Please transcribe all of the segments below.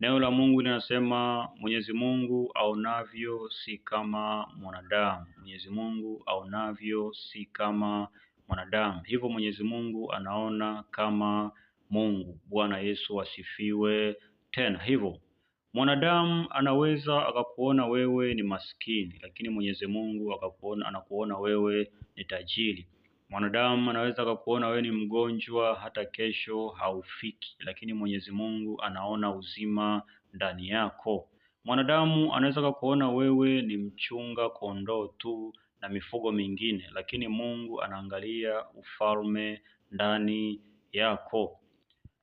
Neno la Mungu linasema Mwenyezi Mungu aonavyo si kama mwanadamu, Mwenyezi Mungu aonavyo si kama mwanadamu. Hivyo Mwenyezi Mungu anaona kama Mungu. Bwana Yesu asifiwe. Tena hivyo mwanadamu anaweza akakuona wewe ni maskini, lakini Mwenyezi Mungu akakuona, anakuona wewe ni tajiri. Mwanadamu anaweza kakuona wewe ni mgonjwa hata kesho haufiki, lakini Mwenyezi Mungu anaona uzima ndani yako. Mwanadamu anaweza kakuona wewe ni mchunga kondoo tu na mifugo mingine, lakini Mungu anaangalia ufalme ndani yako.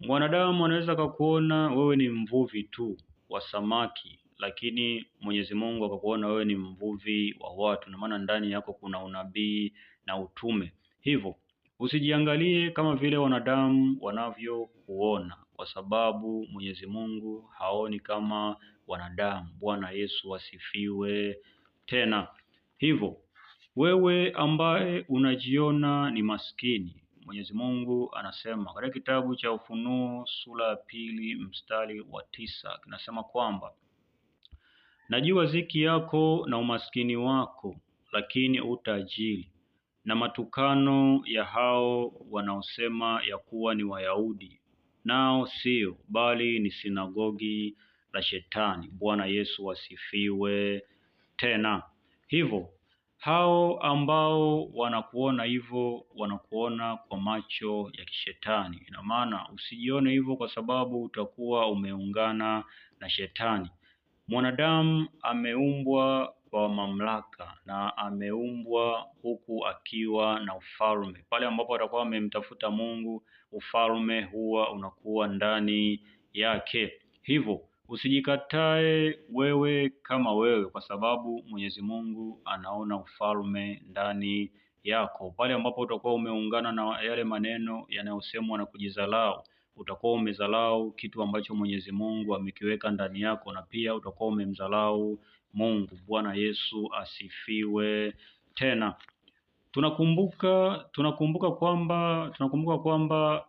Mwanadamu anaweza kakuona wewe ni mvuvi tu wa samaki, lakini Mwenyezi Mungu akakuona wewe ni mvuvi wa watu, na maana ndani yako kuna unabii na utume. Hivyo usijiangalie kama vile wanadamu wanavyokuona, kwa sababu Mwenyezi Mungu haoni kama wanadamu. Bwana Yesu asifiwe. Tena hivyo wewe ambaye unajiona ni maskini, Mwenyezi Mungu anasema katika kitabu cha Ufunuo sura ya pili mstari wa tisa kinasema kwamba najua ziki yako na umaskini wako, lakini utajiri na matukano ya hao wanaosema ya kuwa ni Wayahudi, nao sio, bali ni sinagogi la Shetani. Bwana Yesu asifiwe. Tena hivyo hao ambao wanakuona hivyo wanakuona kwa macho ya kishetani. Ina maana usijione hivyo, kwa sababu utakuwa umeungana na shetani. Mwanadamu ameumbwa kwa mamlaka na ameumbwa huku akiwa na ufalme. Pale ambapo atakuwa amemtafuta Mungu, ufalme huwa unakuwa ndani yake. Hivyo usijikatae wewe kama wewe, kwa sababu Mwenyezi Mungu anaona ufalme ndani yako. Pale ambapo utakuwa umeungana na yale maneno yanayosemwa na kujizalau utakuwa umezalau kitu ambacho Mwenyezi Mungu amekiweka ndani yako, na pia utakuwa umemzalau Mungu. Bwana Yesu asifiwe. Tena tunakumbuka tunakumbuka kwamba tunakumbuka kwamba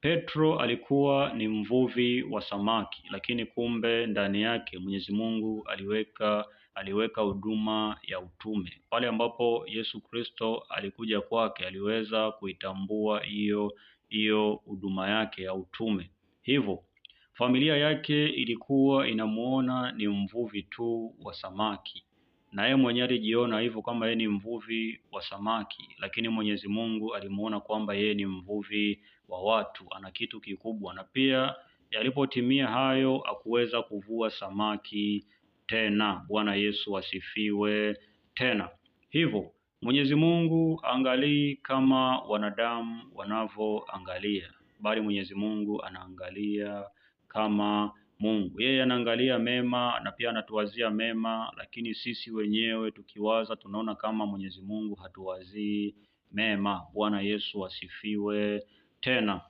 Petro alikuwa ni mvuvi wa samaki, lakini kumbe ndani yake Mwenyezi Mungu aliweka aliweka huduma ya utume. Pale ambapo Yesu Kristo alikuja kwake, aliweza kuitambua hiyo hiyo huduma yake ya utume. Hivyo familia yake ilikuwa inamuona ni mvuvi tu wa samaki, na yeye mwenyewe alijiona hivyo kwamba yeye ni mvuvi wa samaki, lakini Mwenyezi Mungu alimuona kwamba yeye ni mvuvi wa watu, ana kitu kikubwa. Na pia yalipotimia hayo, akuweza kuvua samaki tena. Bwana Yesu asifiwe tena. Hivyo Mwenyezi Mungu angalii kama wanadamu wanavyoangalia, bali Mwenyezi Mungu anaangalia kama Mungu. Yeye anaangalia mema na pia anatuwazia mema, lakini sisi wenyewe tukiwaza tunaona kama Mwenyezi Mungu hatuwazii mema. Bwana Yesu asifiwe. Tena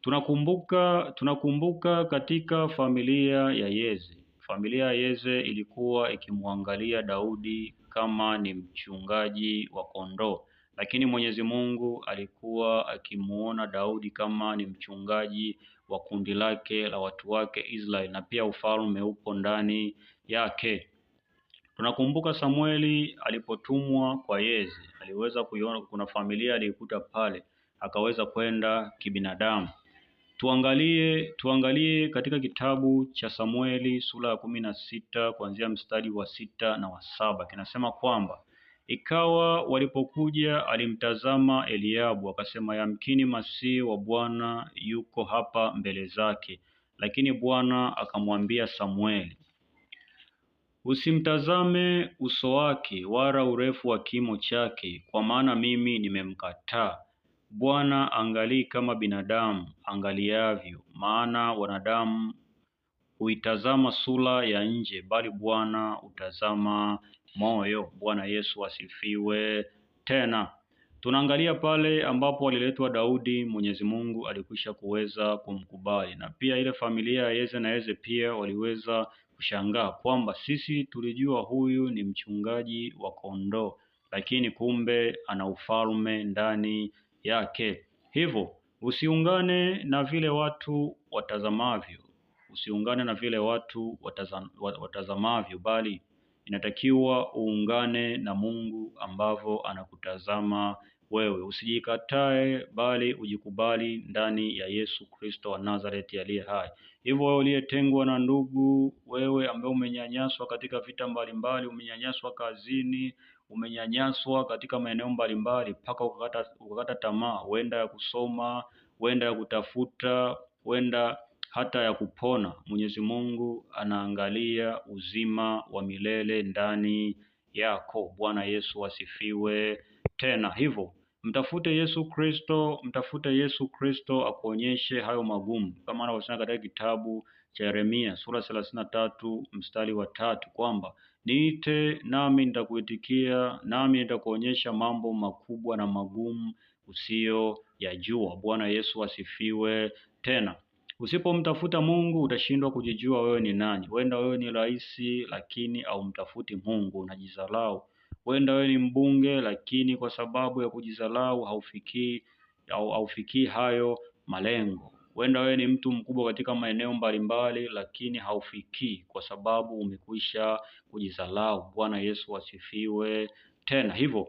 tunakumbuka tunakumbuka katika familia ya Yezi Familia ya Yese ilikuwa ikimwangalia Daudi kama ni mchungaji wa kondoo, lakini Mwenyezi Mungu alikuwa akimuona Daudi kama ni mchungaji wa kundi lake la watu wake Israeli, na pia ufalme upo ndani yake. Tunakumbuka Samueli alipotumwa kwa Yese, aliweza kuiona kuna familia aliikuta pale, akaweza kwenda kibinadamu. Tuangalie tuangalie katika kitabu cha Samueli sura ya kumi na sita kuanzia mstari wa sita na wa saba kinasema kwamba ikawa walipokuja, alimtazama Eliabu akasema, yamkini masihi wa Bwana yuko hapa mbele zake. Lakini Bwana akamwambia Samueli, usimtazame uso wake wala urefu wa kimo chake, kwa maana mimi nimemkataa Bwana angalii kama binadamu angaliavyo, maana wanadamu huitazama sura ya nje, bali Bwana hutazama moyo. Bwana Yesu asifiwe. Tena tunaangalia pale ambapo aliletwa Daudi, Mwenyezi Mungu alikwisha kuweza kumkubali, na pia ile familia ya Yese na Yese pia waliweza kushangaa kwamba sisi tulijua huyu ni mchungaji wa kondoo, lakini kumbe ana ufalme ndani yake. Hivyo usiungane na vile watu watazamavyo, usiungane na vile watu watazamavyo, bali inatakiwa uungane na Mungu ambavyo anakutazama wewe. Usijikatae, bali ujikubali ndani ya Yesu Kristo wa Nazareti aliye hai. Hivyo wewe uliyetengwa na ndugu, wewe ambaye umenyanyaswa katika vita mbalimbali, umenyanyaswa kazini, umenyanyaswa katika maeneo mbalimbali mpaka ukakata, ukakata tamaa, huenda ya kusoma, huenda ya kutafuta, huenda hata ya kupona. Mwenyezi Mungu anaangalia uzima wa milele ndani yako. Bwana Yesu asifiwe. Tena hivyo mtafute Yesu Kristo, mtafute Yesu Kristo akuonyeshe hayo magumu, kama anavyosema katika kitabu cha Yeremia sura thelathini na tatu mstari wa tatu kwamba niite nami nitakuitikia, nami nitakuonyesha mambo makubwa na magumu usiyo yajua. Bwana Yesu asifiwe. Tena usipomtafuta Mungu utashindwa kujijua wewe ni nani. Huenda wewe ni rais, lakini haumtafuti Mungu, unajizalau. Huenda wewe ni mbunge, lakini kwa sababu ya kujizalau haufikii haufikii hayo malengo. Huenda wewe ni mtu mkubwa katika maeneo mbalimbali, lakini haufikii kwa sababu umekwisha kujizalau. Bwana Yesu asifiwe tena. Hivyo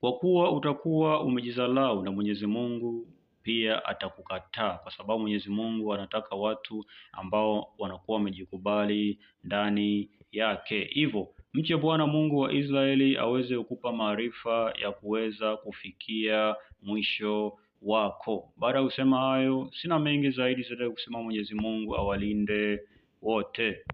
kwa kuwa utakuwa umejizalau, na Mwenyezi Mungu pia atakukataa, kwa sababu Mwenyezi Mungu anataka watu ambao wanakuwa wamejikubali ndani yake. Hivyo mche Bwana Mungu wa Israeli aweze kukupa maarifa ya kuweza kufikia mwisho wako. Baada ya kusema hayo, sina mengi zaidi zaidi ya kusema Mwenyezi Mungu awalinde wote.